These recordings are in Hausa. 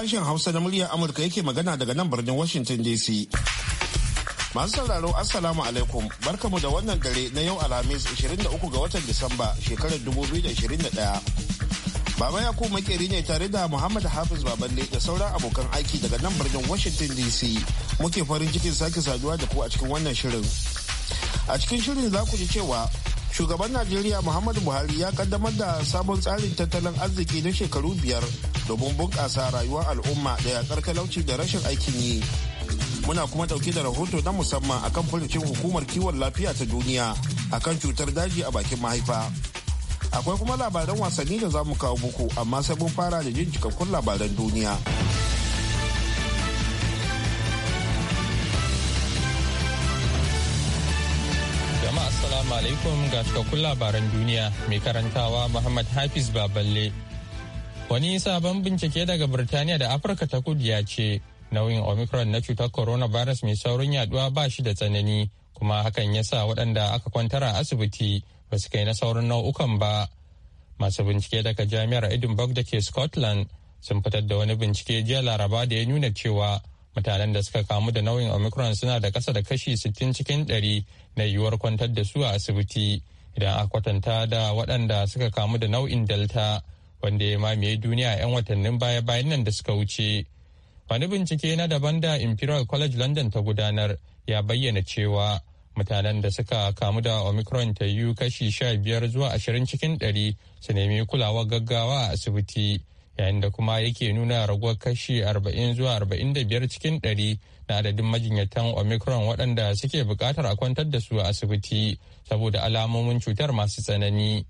sashen Hausa na muryar Amurka yake magana daga nan birnin Washington DC. Masu sauraro Assalamu alaikum barkamu da wannan dare na yau Alhamis 23 ga watan Disamba shekarar 2021. Baba Yakubu makeri ne tare da Muhammad Hafiz Baballe da sauran abokan aiki daga nan birnin Washington DC muke farin cikin sake saduwa da ku a cikin wannan shirin. A cikin shirin za ku ji cewa shugaban najeriya muhammadu buhari ya kaddamar da sabon tsarin tattalin arziki na shekaru biyar domin bunƙasa rayuwar al'umma da yaƙar talauci da rashin aikin yi muna kuma ɗauke da rahoto na musamman akan furucin hukumar kiwon lafiya ta duniya akan cutar daji a bakin mahaifa akwai kuma labaran wasanni da za mu kawo muku amma sai mun fara da jin cikakkun labaran duniya. Jama'a assalamu alaikum ga cikakkun labaran duniya mai karantawa Muhammad Hafiz Baballe. Wani sabon bincike daga Birtaniya da Afirka ta kudu ya ce nauyin Omicron na cutar coronavirus mai saurin yaduwa ba shi da tsanani kuma hakan ya sa waɗanda aka kwantar a asibiti ba su kai na saurin nau'ukan ba. Masu bincike daga Jami'ar Edinburgh da ke Scotland sun fitar da wani bincike jiya Laraba da ya nuna cewa mutanen da suka kamu da nau'in omicron suna da kasa da kashi 60 cikin 100 na yiwuwar kwantar da su a asibiti idan a kwatanta da waɗanda suka kamu da nau'in delta wanda ya mamaye duniya 'yan watannin baya-bayan nan da suka wuce wani bincike na daban da imperial college london ta gudanar ya bayyana cewa mutanen da suka kamu da omicron ta yi kashi sha biyar zuwa ashirin cikin ɗari su nemi kulawar gaggawa a asibiti yayin da kuma yake nuna raguwar kashi 40 zuwa 45 cikin 100 na adadin majinyatan omicron waɗanda suke buƙatar a kwantar da su a asibiti saboda alamomin cutar masu tsanani.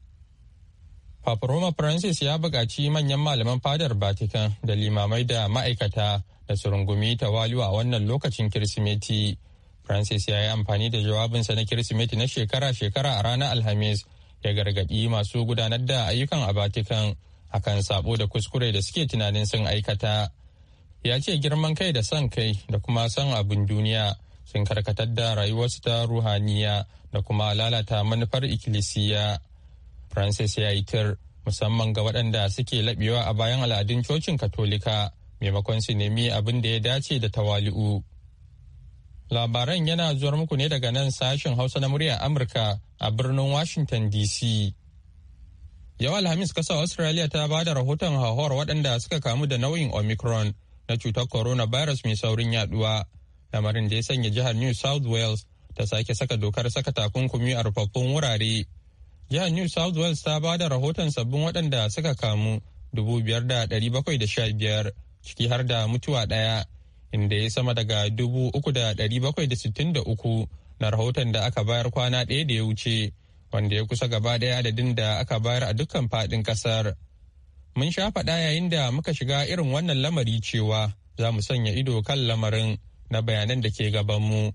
Papa Roma Francis ya buƙaci manyan malaman fadar Vatican da limamai da ma'aikata da su rungumi tawali'u a wannan lokacin Kirsimeti. Francis ya yi amfani da jawabinsa na Kirsimeti na shekara-shekara a ranar Alhamis ya gargaɗi masu gudanar da ayyukan a Vatican akan sabo da kuskure da suke tunanin sun aikata ya ce girman kai da son kai da kuma son abin duniya sun karkatar da rayuwarsu ta ruhaniya da kuma lalata manufar ikkilisiya francis ya yi tir musamman ga waɗanda suke labewa a bayan al'adun cocin katolika maimakon su nemi abin da ya dace da tawali'u labaran yana zuwar muku ne daga nan sashen hausa na murya amurka a birnin washington dc Yau Alhamis kasa Australia ta ba da rahoton hauhawar waɗanda suka kamu da nau'in Omicron na cutar corona virus mai saurin yaduwa. Lamarin da ya sanya jihar New South Wales ta sake saka dokar saka takunkumi a rufaffun wurare. Jihar New South Wales ta ba da rahoton sabbin waɗanda suka kamu dubu biyar da ɗari bakwai da sha biyar ciki har da mutuwa ɗaya inda ya sama daga dubu uku da ɗari bakwai da sittin da uku na rahoton da aka bayar kwana ɗaya da ya wuce. wanda ya kusa gaba ɗaya adadin da aka bayar a dukkan faɗin ƙasar. Mun sha faɗa yayin da muka shiga irin wannan lamari cewa za mu sanya ido kan lamarin na bayanan da ke gabanmu.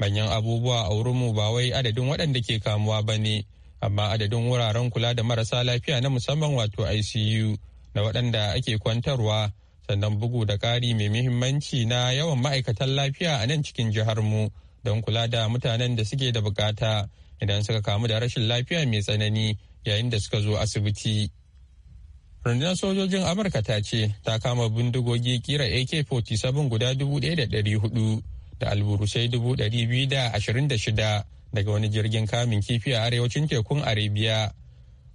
Manyan abubuwa a wurinmu ba wai adadin waɗanda ke kamuwa ba ne, amma adadin wuraren kula da marasa lafiya na musamman wato ICU na waɗanda ake kwantarwa sannan bugu da ƙari mai muhimmanci na yawan ma'aikatan lafiya a nan cikin jiharmu. mu. don kula da mutanen da suke da bukata idan suka kamu da rashin lafiya mai tsanani yayin da suka zo asibiti. Rundunar sojojin Amurka ta ce ta kama bindigogi kira AK-47 guda 1,400 da alburusai 226 daga wani jirgin kamun kifi a arewacin tekun Arabiya.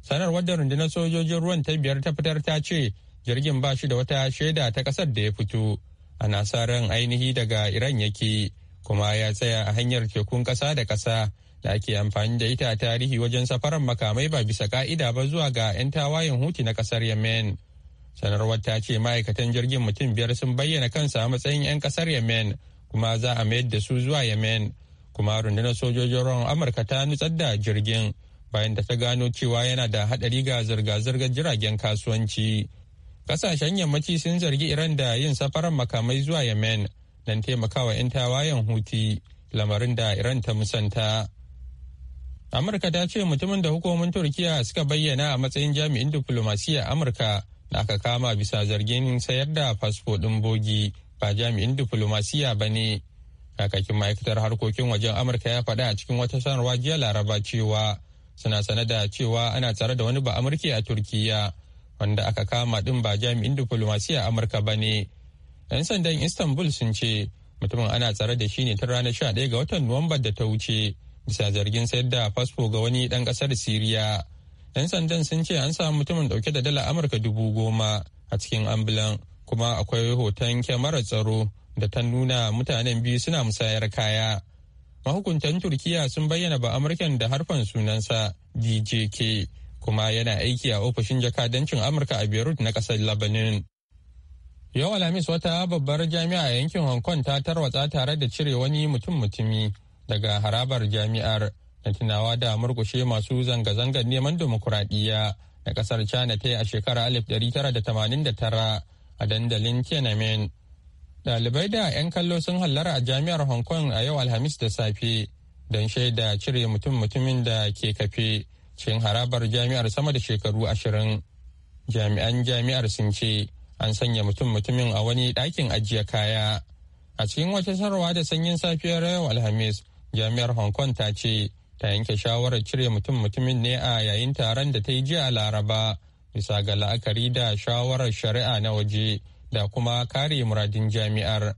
Sanarwar da rundunar sojojin ruwan ta biyar ta fitar ta ce jirgin ba shi da wata shaida ta kasar da ya fito. Ana sa ran ainihi daga Iran yake. kuma ya tsaya a hanyar tekun ƙasa da ƙasa da ake amfani da ita a tarihi wajen safarar makamai ba bisa ka'ida ba zuwa ga 'yan tawayen huti na ƙasar yemen sanarwar ta ce ma'aikatan jirgin mutum biyar sun bayyana kansa a matsayin 'yan ƙasar yemen kuma za a mayar da su zuwa yemen kuma rundunar sojojin ruwan amurka ta nutsar da jirgin bayan da ta gano cewa yana da haɗari ga zirga-zirgar jiragen kasuwanci kasashen yammaci sun zargi iran da yin safarar makamai zuwa yemen don taimakawa 'yan tawayen huti lamarin da iran ta musanta amurka ta ce mutumin da hukumomin turkiya suka bayyana a matsayin jami'in diflomasiya amurka da aka kama bisa zargin sayar da fasfo ɗin bogi ba jami'in diflomasiyya ba ne kakakin ma'aikatar harkokin wajen amurka ya faɗa a cikin wata sanarwa jiya laraba cewa suna sane da cewa ana tsare da wani ba amurki a turkiyya wanda aka kama ɗin ba jami'in diflomasiya amurka ba ne 'Yan sandan Istanbul sun ce mutumin ana tsare da shi ne ta ranar 11 ga watan Nuwambar da ta wuce bisa zargin sayar da fasfo ga wani ɗan ƙasar Siriya. 'Yan sandan sun ce an samu mutumin ɗauke da dala Amurka dubu goma a cikin ambulan kuma akwai hoton kyamarar tsaro da ta nuna mutanen biyu suna musayar kaya. Mahukuntan Turkiya sun bayyana ba Amurkan da harfan sunansa DJK kuma yana aiki a ofishin jakadancin Amurka a Beirut na ƙasar Lebanon. Yau Alhamis wata babbar jami'a a yankin Hong Kong ta tarwatsa tare da cire wani mutum-mutumi daga harabar jami'ar da tunawa da murkushe masu zanga-zangar neman dimokuraɗiyya na ƙasar China ta yi a shekarar 1989 a dandalin Tiananmen. Ɗalibai da 'yan kallo sun hallara a jami'ar Hong Kong a yau Alhamis da safe don shaida cire mutum-mutumin da ke kafe cikin harabar jami'ar sama da shekaru ashirin. Jami'an jami'ar sun ce an sanya mutum mutumin a wani ɗakin ajiye kaya a cikin wata sarwa da sanyin safiyar yau alhamis jami'ar hong kong ta ce ta yanke shawarar cire mutum mutumin ne a yayin taron da ta yi jiya laraba bisa ga la'akari da shawarar shari'a na waje da kuma kare muradin jami'ar.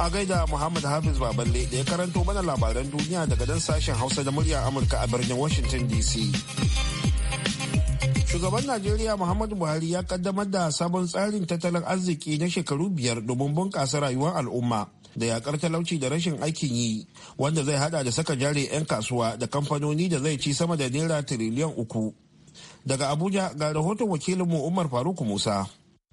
A gaida Muhammad Hafiz Baballe da ya karanto mana labaran duniya daga dan sashen Hausa da murya Amurka a birnin Washington DC. Shugaban Najeriya Muhammadu Buhari ya kaddamar da sabon tsarin tattalin arziki na shekaru biyar domin bunƙasa rayuwar al'umma da yakar talauci da rashin aikin yi wanda zai hada da saka jari 'yan kasuwa da kamfanoni da zai ci sama da naira tiriliyan uku. Daga Abuja ga rahoton wakilinmu Umar Faruk Musa.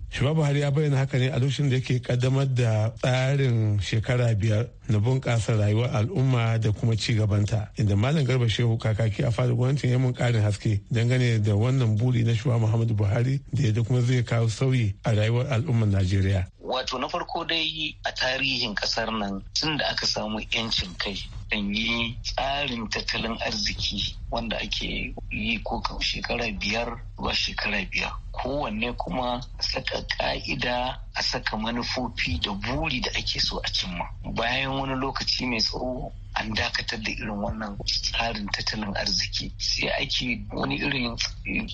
Shugaba Buhari ya bayyana haka ne a lokacin da yake kaddamar da tsarin shekara biyar na bunƙasa rayuwar al'umma da kuma ci gabanta inda Malam Garba Shehu kakaki a faru gwamnatin ya mun ƙarin haske dangane da wannan buri na shugaba Muhammadu Buhari da yadda kuma zai kawo sauyi a rayuwar al'ummar Najeriya. Wato na farko dai a tarihin kasar nan tun da aka samu 'yancin kai yi tsarin tattalin arziki wanda ake yi ko shekara biyar ba shekara biyar. kowanne kuma saka ka'ida a saka manufofi da buri da ake so a cimma bayan wani lokaci mai tsawo an dakatar da irin wannan tsarin tattalin arziki sai ake wani irin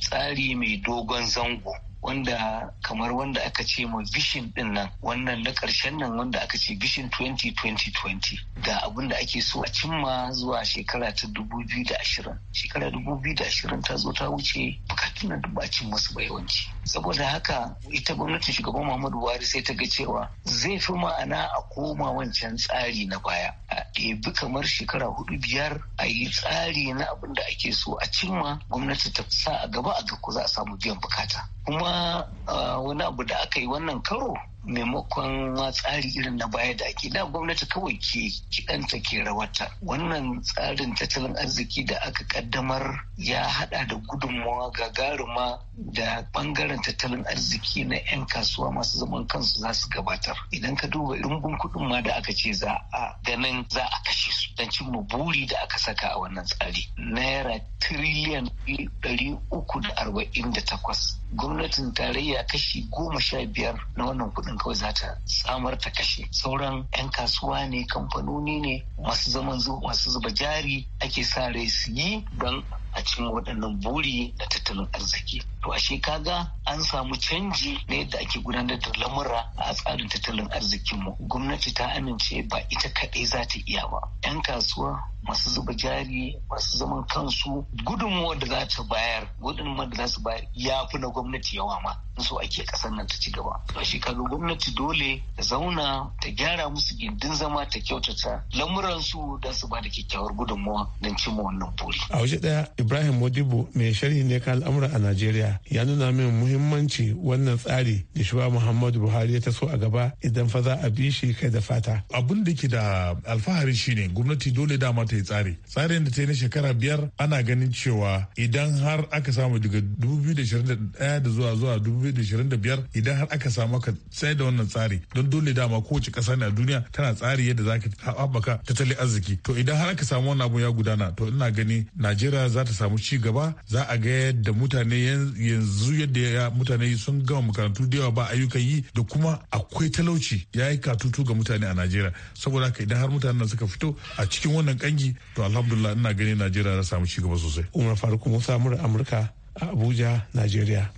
tsari mai dogon zango wanda kamar wanda aka ce ma vision din nan wannan na karshen nan wanda aka ce vision 2020 ga abin da ake so a cimma zuwa shekara ta 2020 shekara 2020 ta zo ta wuce bukatun nan duk masu ba yawanci saboda haka ita gwamnatin shugaban muhammadu buhari sai ta ga cewa zai fi ma'ana a koma wancan tsari na baya a ɗebi kamar shekara hudu biyar a yi tsari na abin da ake so a cimma gwamnati ta sa a gaba a ga ko za a samu biyan bukata kuma ah, wani abu da aka yi wannan karo maimakon tsari irin na baya da ake da gwamnati kawai ke kiɗanta ke rawata wannan tsarin tattalin arziki da aka kaddamar ya hada da gudunmawa gagaruma da bangaren tattalin arziki na 'yan kasuwa masu zaman kansu za su gabatar idan ka duba rungun kudin ma da aka ce za a ganin za a kashe su don cimma buri da aka saka a wannan tsari naira tiriliyan 348 gwamnatin tarayya kashi goma sha biyar na wannan kuɗin kawai za ta samar ta kashe sauran 'yan kasuwa ne kamfanoni ne masu zaman masu zuba jari ake sa rai su yi don a cikin waɗannan buri na tattalin arziki to ashe kaga an samu canji ne da ake gudanar da lamura a tsarin tattalin arzikinmu gwamnati ta amince ba ita kaɗai za ta iya ba 'yan kasuwa masu zuba jari masu zaman kansu gudunmuwar da za ta bayar gudunmuwar da za su bayar ya fi na gwamnati yawa ma so ake kasar nan ta ci gaba to shi kaga gwamnati dole ta zauna ta gyara musu gindin zama ta kyautata lamuransu don su ba da kyakkyawar gudunmuwa don cimma wannan buri a waje daya Ibrahim Modibo mai sharhi ne kan al'amura a Najeriya ya nuna min muhimmanci wannan tsari da shugaba Muhammadu Buhari ya taso a gaba idan fa za a bi shi kai da fata. Abun da ke da alfahari shine gwamnati dole dama ta yi tsari. Tsarin da ta yi na shekara biyar ana ganin cewa idan har aka samu daga 2021 da zuwa zuwa 2025 idan har aka samu ka tsaye da wannan tsari don dole dama kowace ƙasa na duniya tana tsari yadda za ka haɓaka tattalin arziki. To idan har aka samu wannan abu ya gudana to ina gani Najeriya za ta ta samu ci gaba za a ga yadda mutane yanzu yadda mutane sun gama makarantu da yawa ba ayyukan yi da kuma akwai talauci ya yi katutu ga mutane a najeriya saboda haka idan har mutane nan suka fito a cikin wannan kangi to alhamdulillah ina ganin najeriya na samu ci gaba sosai umar faruk musa mura amurka a abuja najeriya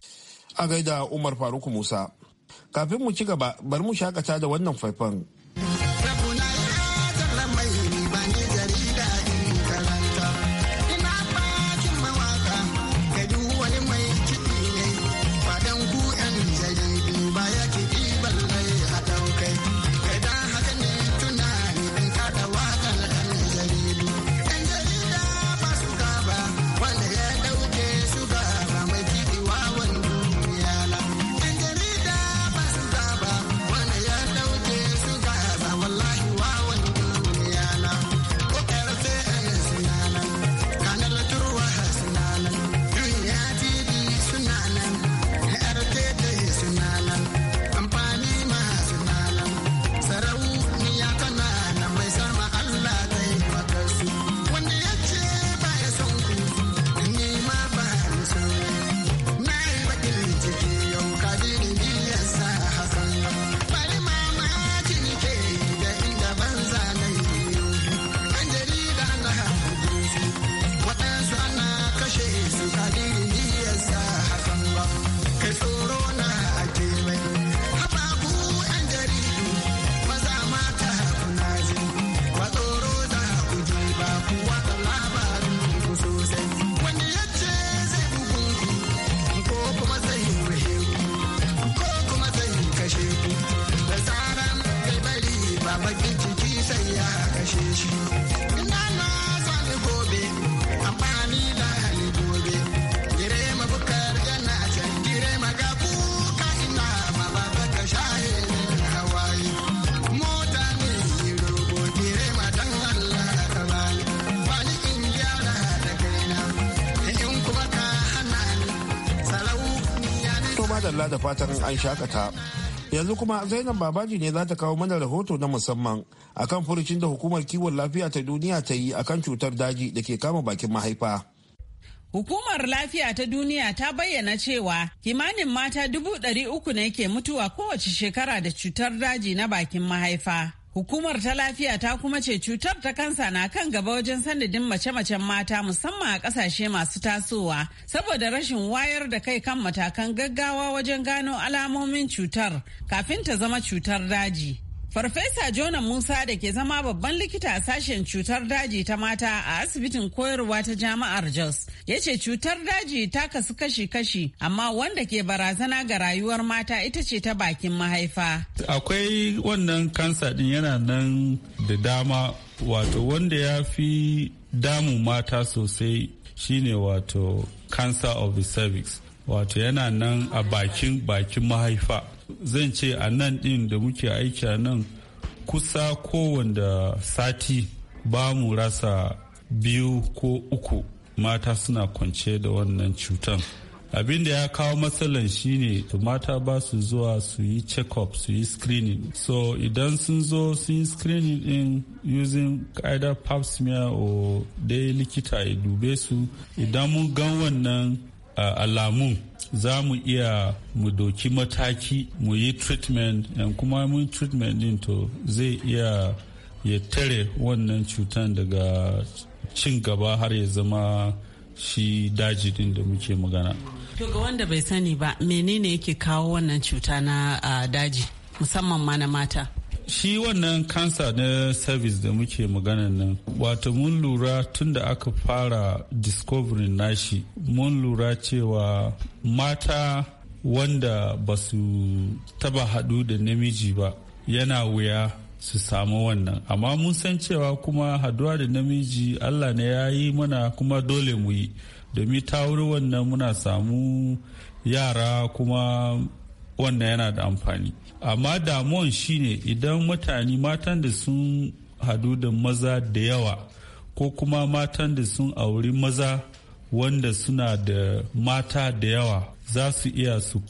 a gaida umar faruk musa kafin mu ci gaba bari mu shakata da wannan faifan madalla da fatan an shakata. Yanzu kuma Zainab Babaji ne za ta kawo mana rahoto na musamman akan furucin da hukumar kiwon lafiya ta duniya ta yi akan cutar daji da ke kama bakin mahaifa. Hukumar Lafiya ta Duniya ta bayyana cewa kimanin mata dubu ɗari uku ne ke mutuwa kowace shekara da cutar daji na bakin mahaifa. Hukumar ta lafiya ta kuma ce cutar ta kansa na kan gaba wajen sanadin mace-macen mata musamman a kasashe masu tasowa saboda rashin wayar da kai kan matakan gaggawa wajen gano alamomin cutar kafin ta zama cutar daji. Farfesa Jona Musa da ke zama babban likita a sashen cutar daji ta mata a asibitin koyarwa ta Jama'ar Jos ya ce cutar daji ta kasu kashi-kashi amma wanda ke barazana ga rayuwar mata ita ce ta bakin mahaifa. Akwai wannan kansa din yana nan da dama wato wanda ya fi damu mata sosai shine wato cancer of the cervix wato yana nan a bakin bakin mahaifa. zan ce a nan ɗin da muke aiki a nan kusa kowanda sati ba mu rasa biyu ko uku mata suna kwance da wannan cutan abin da ya kawo matsalan shine mata ba su zuwa su yi check-up su yi screening so idan sun zo su yi screening din using either pap smear or dai likita ya dube su idan mun gan wannan alamun za mu iya mu doki mataki mu yi treatment kuma mun treatment din to zai iya ya tare wannan cutan daga cin gaba har ya zama shi daji din da muke magana. To ga wanda bai sani ba menene yake kawo wannan cuta na daji musamman ma na mata? Shi wannan kansa na service da muke magana nan wato mun lura tunda aka fara discovery nashi mun lura cewa mata wanda ba su taba haɗu da namiji ba yana wuya su samu wannan amma mun san cewa kuma haduwa da namiji allah ne ya yi mana kuma dole mu yi domin ta wuri wannan muna samu yara kuma wannan yana da amfani amma damuwan shine idan mutane matan da sun hadu da maza da yawa ko kuma matan da sun auri maza wanda suna da mata da yawa za su iya su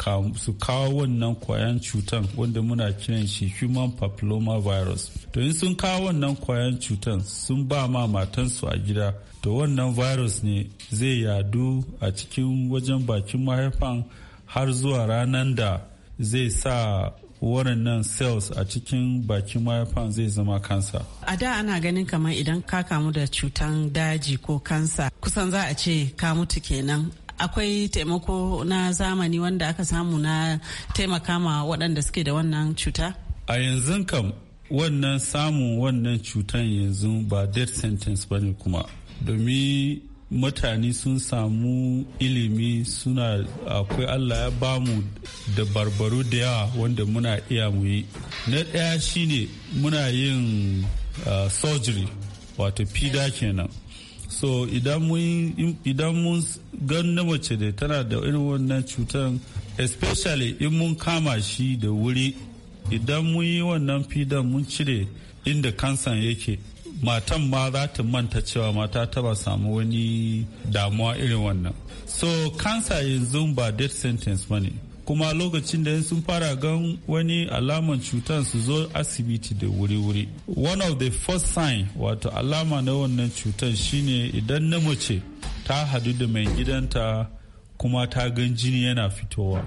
kawo wannan kwayan cutan wanda muna kiran shi human papilloma virus to in sun kawo wannan kwayan cutan sun ba ma matansu a gida to wannan virus ne zai yadu a cikin wajen bakin mahaifan har zuwa ranar da zai sa waɗannan cells a cikin bakin mayafan zai zama kansa. A da ana ganin kamar idan ka kamu da cutan daji ko kansa kusan za a ce ka mutu kenan. Akwai taimako na zamani wanda aka samu na taimaka ma waɗanda suke da wannan cuta? A yanzu kam wannan samun wannan cutan yanzu ba death sentence ba ne kuma. Domin mutane sun samu ilimi suna akwai allah ya bamu da barbaro da yawa wanda muna iya mu yi na ɗaya shine muna yin surgery wato fida kenan so idan mun gan na mace da tana da irin wannan cutar especially in mun kama shi da wuri idan mun yi wannan fidan mun cire inda kansan yake matan ma za ta manta cewa mata ta ba samu wani damuwa irin wannan so kansa yanzu ba death sentence ba ne kuma lokacin da sun fara gan wani alaman cutar su zo asibiti da wuri-wuri one of the first sign wato alama na wannan cutar shine idan na mace ta hadu da mai gidanta kuma ta gan jini yana fitowa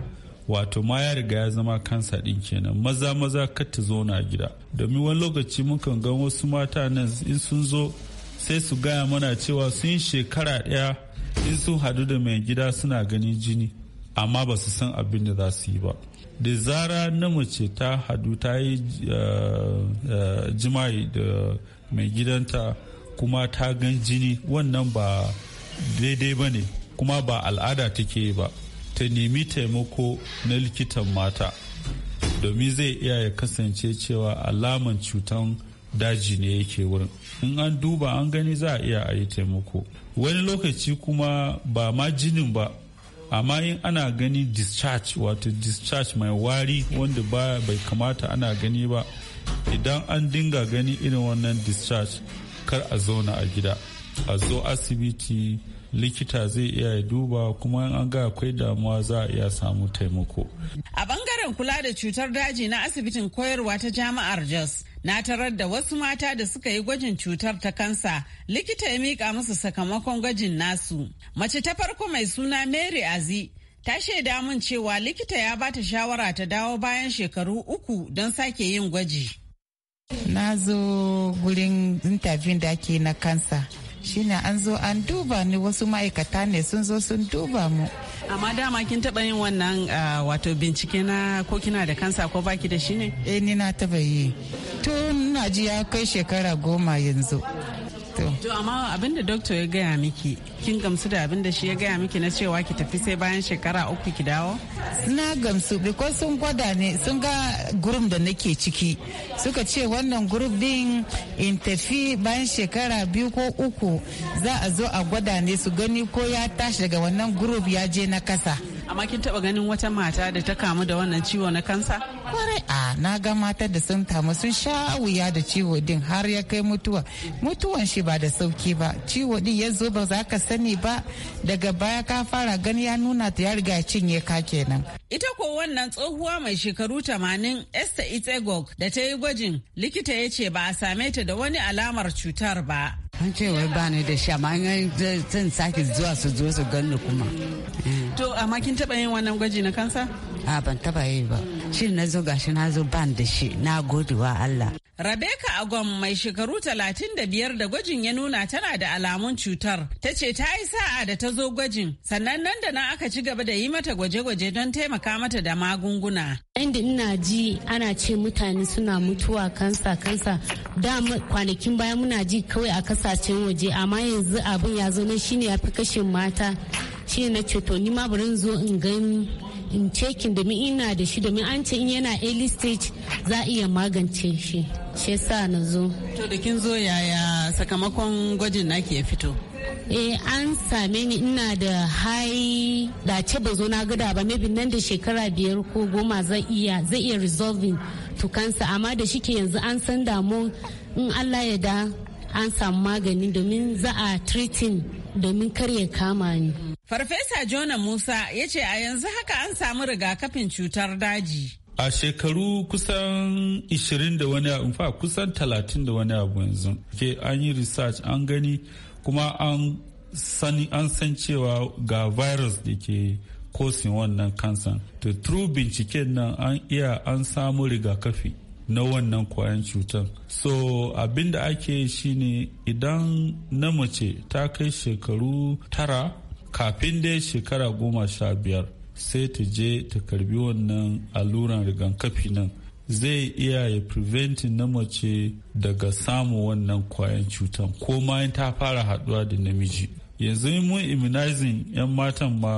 wato ma ya riga ya zama kansa din kenan maza maza kar ta zauna gida domin wani lokaci mukan ga wasu mata nan in sun zo sai su gaya mana cewa sun shekara ɗaya in sun hadu da mai gida suna ganin jini amma ba su san abin da za su yi ba da zara na mace ta hadu ta yi eh, eh, jima'i da mai gidanta kuma ta gan jini wannan ba daidai ba ne kuma ba al'ada take ba ta nemi taimako na likitan mata domin zai iya ya kasance cewa alaman cutan daji ne yake wurin in an duba an gani za a iya ayi taimako wani lokaci kuma ba ma jinin ba amma in ana gani discharge wato discharge mai wari wanda ba bai kamata ana gani ba idan an dinga gani irin wannan discharge kar a zauna a gida a zo asibiti likita zai iya duba kuma in an ga akwai damuwa za a iya samu taimako. A bangaren kula da cutar daji na asibitin koyarwa ta jama'ar Jos, na tarar da wasu mata da suka yi gwajin cutar ta kansa, likita ya miƙa musu sakamakon gwajin nasu. Mace ta farko mai suna Mary Azi ta shaida min cewa likita ya bata shawara ta dawo bayan shekaru uku don sake yin gwaji. Na zo gurin interview da ake na kansa. shine an zo an duba ni wasu ma'aikata ne sun zo sun duba mu amma dama kin taba yin wannan ah, wato bincike na ko kina da kansa ko baki da shi ne eh ni na taba yi tun na ji ya kai shekara goma yanzu To amma abin da doctor ya gaya miki kin gamsu da abin da shi ya gaya miki na cewa ki tafi sai bayan shekara uku ki dawo? Na gamsu because sun gwada ne sun ga gurum da nake ciki suka ce wannan gurum din in tafi bayan shekara biyu ko uku za a zo a gwada ne su gani ko ya tashi daga wannan gurum ya je na kasa. amma kin taba ganin wata mata da ta kamu da wannan ciwo na kansa kwarai a na ga mata da sun kamu sun sha wuya da ciwo din har ya kai mutuwa mutuwan shi ba da sauki ba ciwo din ya zo ba za ka sani ba daga baya ka fara gani ya nuna ta ya riga cinye ka kenan ita ko wannan tsohuwa mai shekaru 80 esther itegog da ta yi gwajin likita ya ce ba a same ta da wani alamar cutar ba an ce wai ba ne da shi amma zan sake zuwa su zo su ganni kuma eh. to amma kin taba yin wannan gwaji na kansa a ban taba yi ba shi na zo gashi na zo ban da shi na gode wa Allah Rebecca agon mai shekaru 35 da gwajin ya nuna tana da alamun cutar. Ta ce ta yi sa'a da ta zo gwajin, sannan nan da nan aka ci gaba da yi mata gwaje-gwaje don taimaka mata da magunguna. Inda ina ji ana ce mutane suna mutuwa kansa kansa da kwanakin baya muna ji kawai a kasashen waje amma yanzu abin ya zo na shine ya fi kashin mata shine na ceto ni ma bari zo in gani in cekin domin ina da shi domin an ce in yana early stage za a iya magance shi shi sa na zo to da kin zo yaya sakamakon gwajin naki ya fito eh an same ni ina da hai dace ba zo na gada ba maybe nan da shekara biyar ko goma zai iya zai iya resolving to kansa amma da shike yanzu an san damu in Allah ya da an samu magani domin za a treating domin kar ya kama ni. Farfesa Jona Musa ya ce a yanzu haka an samu rigakafin cutar daji. A shekaru kusan 20 da wani abu, fa kusan 30 da wani abu yanzu. Ke an yi research an gani kuma an sani an san cewa ga virus da ke kosin wannan kansan. To, true binciken nan an iya an samu rigakafi. na wannan kwayan cutan so abin da ake ne idan na mace ta kai shekaru tara kafin dai shekara goma sha biyar sai ta je ta karbi wannan alluran rigakafi nan zai iya ya preventin na mace daga samun wannan kwayan cutan ko ma ta fara haduwa da namiji yanzu mun immunizing 'yan matan ma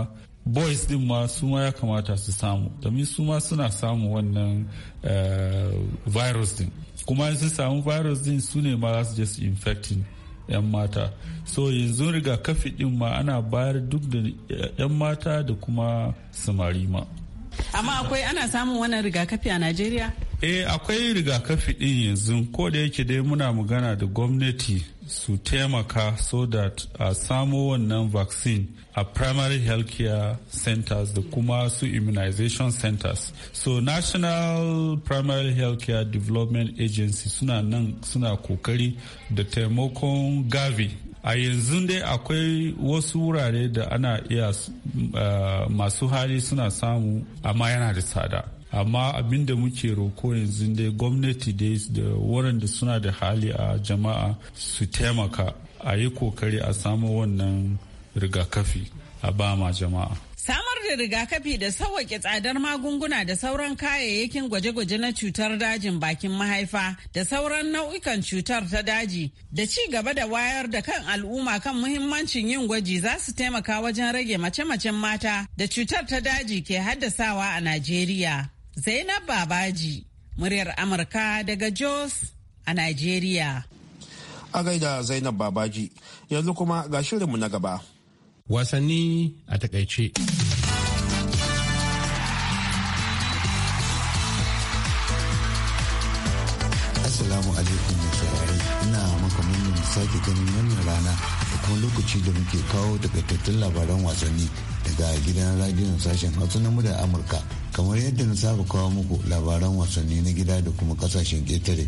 boys din ma su ma ya kamata su samu domin su ma suna samu wannan eh, virus din kuma sun samu virus din su ne ma za su je su infecting 'yan mata so yanzu rigakafi din ma ana bayar duk da eh, 'yan mata da kuma samari ma amma akwai ana samun wannan rigakafi a najeriya eh akwai rigakafi din yanzu ko da yake dai muna magana da gwamnati su taimaka so that a samu wannan vaccine a primary healthcare centers da kuma su immunization centers so national primary healthcare development agency suna nan suna kokari da taimakon gavi a yanzu dai akwai wasu wurare da ana iya eh, masu hali suna samu amma yana da tsada amma abin da muke roko yanzu dai gwamnati dai da waɗanda suna da hali a jama'a su taimaka a yi kokari a samu wannan rigakafi a ba ma jama'a samar da rigakafi da sauwaƙe tsadar magunguna da sauran kayayyakin gwaje-gwaje na cutar dajin bakin mahaifa da sauran nau'ikan cutar ta daji da ci gaba da wayar da kan al'umma kan muhimmancin yin gwaji za su taimaka wajen rage mace-macen mata da cutar ta daji ke haddasawa a najeriya Zainab Babaji, muryar Amurka daga Jos a Najeriya. A gaida Zainab Babaji, yanzu kuma ga shirinmu na gaba. Wasanni a takaice. Assalamu alaikum ina maka murnar sake ganin wannan rana sakamakon lokaci da muke kawo takaitattun labaran wasanni daga gidan radiyon sashen hausa na muda amurka kamar yadda na saba kawo muku labaran wasanni na gida da kuma kasashen ƙetare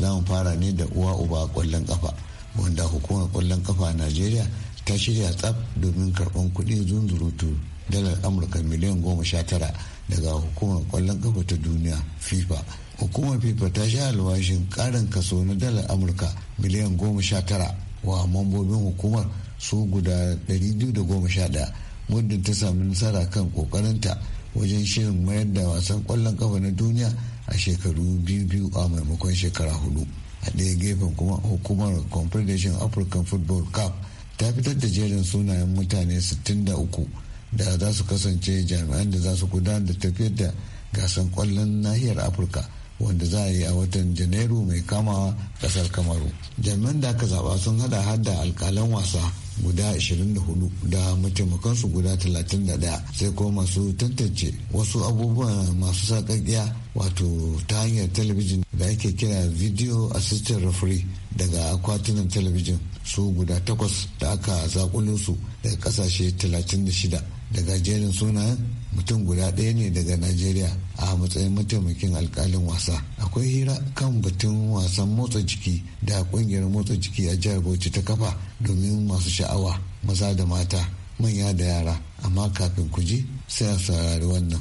za mu fara ne da uwa uba kwallon kafa wanda hukumar kwallon kafa a najeriya ta shirya tsaf domin karɓar kuɗi zunzurutu dalar amurka miliyan goma sha tara daga hukumar kwallon kafa ta duniya fifa hukumar fifa ta sha alwashin karin kaso na dalar amurka miliyan goma sha tara wa mambobin hukumar su guda 211 muddin ta sami nasara kan kokarinta wajen shirin mayar da wasan kwallon kafa na duniya a shekaru biyu biyu a maimakon shekara hudu a ɗaya gefen kuma hukumar confederation african football cup ta fitar da jerin sunayen mutane 63 da za su kasance jami'an da za su gudanar da tafiyar da gasan kwallon nahiyar afirka wanda za a yi a watan janairu mai kama kasar kamaru jami'an da aka zaba sun hada hada alkalan wasa guda 24 da mataimakansu guda 31 sai kuma masu tantance wasu abubuwan masu sakakkiya wato ta hanyar talabijin da ake kira video assistant referee daga akwatunan talabijin su guda takwas da aka zakulo su daga kasashe 36 daga jerin sunayen mutum guda ɗaya ne daga najeriya a matsayin mataimakin alkalin wasa akwai hira kan batun wasan motsa jiki da ƙungiyar motsa jiki a jihar bauchi ta kafa domin masu sha'awa maza da mata manya da yara amma kafin ku ji sai a saurari wannan.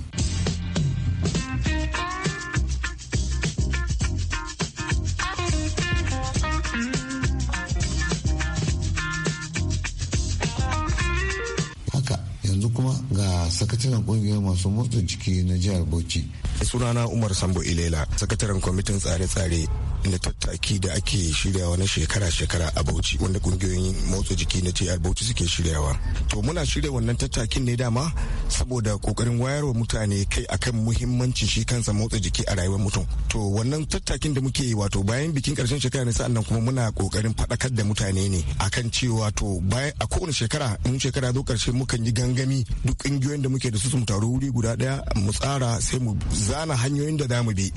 masu motsa jiki na jihar Bauchi. Sunana Umar Sambo Ilela, sakataren kwamitin tsare-tsare na tattaki da ake shiryawa na shekara-shekara a Bauchi wanda kungiyoyin motsa jiki na jihar Bauchi suke shiryawa. To muna shirya wannan tattakin ne dama saboda kokarin wayarwa mutane kai akan muhimmancin shi kansa motsa jiki a rayuwar mutum. To wannan tattakin da muke yi wato bayan bikin karshen shekara ne sa'annan kuma muna kokarin faɗakar da mutane ne akan cewa to bayan a kowane shekara in shekara zo karshe mukan yi gangami duk kungiyoyin da muke da su su taru wuri guda daya mu tsara sai mu zana hanyoyin da zamu bi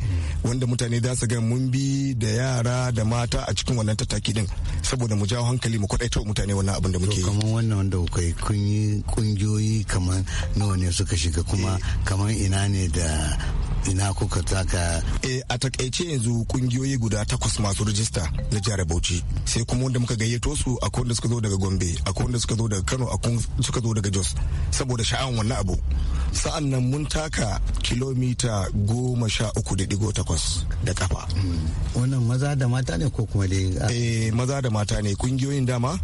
wanda mutane za su ga mun bi da yara da mata a cikin wannan tattaki din saboda mu jawo hankali mu kwadaito mutane wannan abin da muke yi kamar wannan wanda kuka yi kun yi kungiyoyi kamar nawa ne suka shiga kuma eh. kamar ina ne da ina kuka taka e a takaice yanzu kungiyoyi guda takwas masu rijista na jihar Bauchi sai kuma wanda muka gayyato su a wanda suka zo daga Gombe a wanda suka zo daga Kano akwai suka zo daga Jos saboda sha'awar wannan abu sa'an nan mun taka kilomita goma sha uku da digo takwas da kafa wannan maza da mata ne ko kuma dai eh maza da mata ne kungiyoyin dama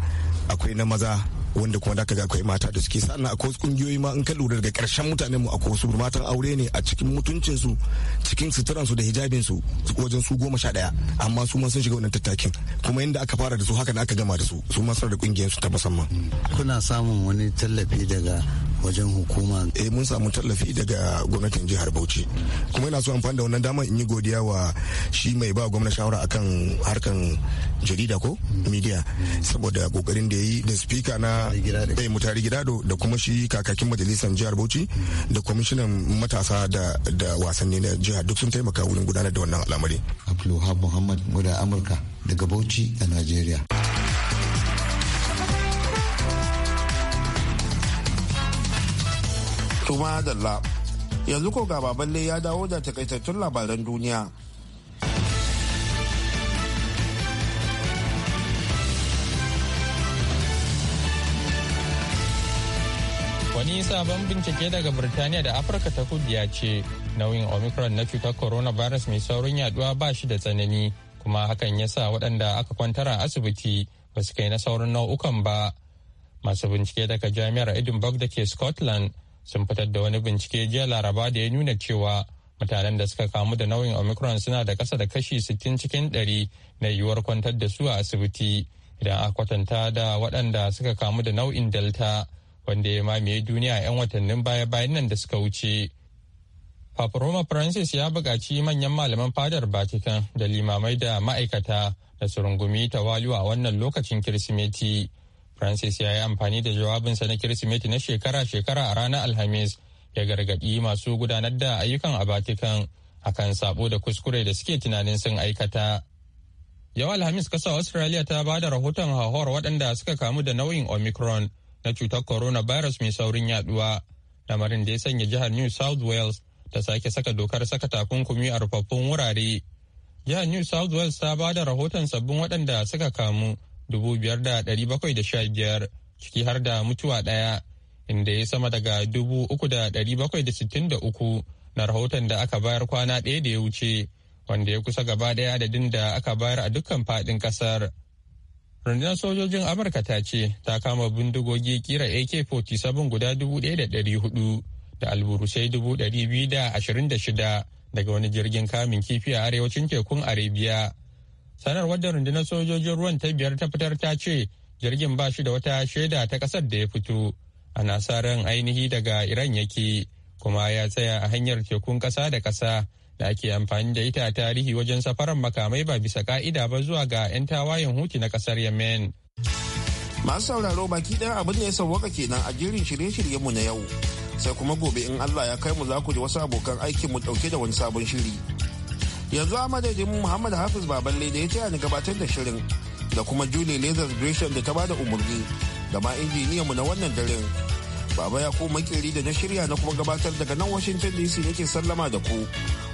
akwai na maza wanda kuma da ga akwai mata da suke sannan akwai kungiyoyi ma in ka lura daga karshen mutanen mu akwai wasu matan aure ne a cikin mutuncin su cikin suturan su da hijabin su wajen su goma sha ɗaya amma su ma sun shiga wannan tattakin kuma yadda aka fara da su haka na aka gama da su su ma da kungiyar su ta musamman kuna samun wani tallafi daga wajen hukuma eh mun samu tallafi daga gwamnatin jihar Bauchi kuma ina so amfani da wannan damar in yi godiya wa shi mai ba gwamna shawara akan harkan jarida ko media saboda kokarin da yayi da speaker na bai mutari gidado eh, da kuma shi kakakin majalisar jihar Bauchi da kwamishinan matasa da da wasanni na jihar duk sun taimaka wurin gudanar da wannan al'amari Abdulwahab Muhammad Muda Amurka daga Bauchi a Najeriya suma dalla. Yanzu ko ga baballe ya dawo da takaitattun labaran duniya. Wani sabon bincike daga Birtaniya da Afirka ta kudu ya ce nauyin Omicron na cutar coronavirus mai saurin yaduwa ba shi da tsanani kuma hakan ya sa waɗanda aka kwantar a asibiti ba su kai na sauran nau'ukan ba. Masu bincike daga Jami'ar Edinburgh da ke Scotland sun fitar da wani bincike jiya laraba da ya nuna cewa mutanen da suka kamu da nau'in omicron suna da kasa da kashi 60 cikin 100 na yiwuwar kwantar da su a asibiti idan a kwatanta da waɗanda suka kamu da nau'in delta wanda ya mamaye duniya 'yan watannin baya-bayan nan da suka wuce. Papa Roma Francis ya buƙaci manyan malaman fadar Vatican da limamai da ma'aikata da su rungumi ta a wannan lokacin Kirsimeti. francis ya yi amfani da jawabinsa na kirsimeti na shekara-shekara a ranar alhamis ya gargaɗi masu gudanar da ayyukan a batikan akan sabo da kuskure da suke tunanin sun aikata yau alhamis kasa australia ta ba da rahoton hauhawar waɗanda suka kamu da nau'in omicron na cutar corona virus mai saurin yaduwa lamarin da ya sanya jihar new south wales ta sake saka dokar saka takunkumi a rufaffun wurare jihar new south wales ta ba da rahoton sabbin waɗanda suka kamu 5,715 ciki har da mutuwa ɗaya inda ya sama daga 3,763 na rahoton da aka bayar kwana ɗaya da ya wuce wanda ya kusa gaba ɗaya adadin da aka bayar a dukkan faɗin ƙasar. rundunar sojojin amurka ta ce ta kama bindigogi kira ak-47 guda 1,400 da alburusai 226 daga wani jirgin kamun kifi a arewacin tekun Arabia. sanarwar da rundunar sojojin ruwan ta biyar ta fitar ta ce jirgin ba shi da wata shaida ta kasar da ya fito ana sa ran ainihi daga iran yake kuma ya tsaya a hanyar tekun kasa da kasa da ake amfani da ita tarihi wajen safaran makamai ba bisa ka'ida ba zuwa ga 'yan tawayen huti na kasar yemen masu sauraro baki ɗaya abin da ya sauwaka kenan a jirin shirye-shiryenmu na yau sai kuma gobe in allah ya kai mu za ku ji wasu abokan aikin mu ɗauke da wani sabon shiri yanzu a madadin muhammad hafiz baballe da ya ce ni gabatar da shirin da kuma julie lazar gresham da ta bada umarni da ma mu na wannan daren baba ya ko makeri da na shirya na kuma gabatar daga nan washington dc nake sallama da ku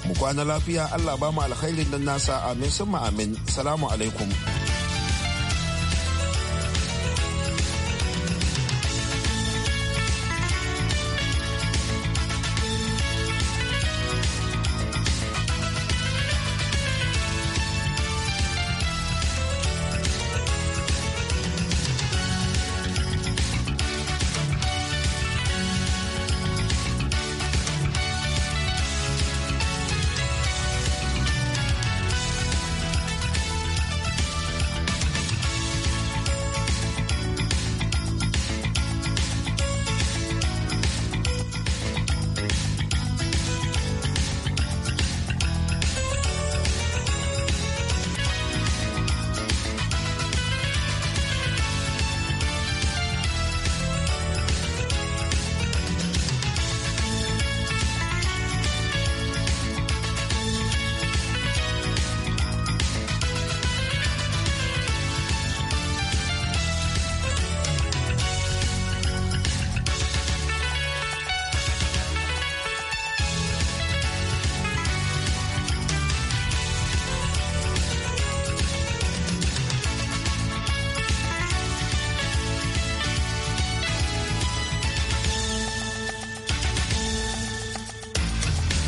mu kwana lafiya allah ba mu alkhairin nan nasa amin sun amin salamu alaikum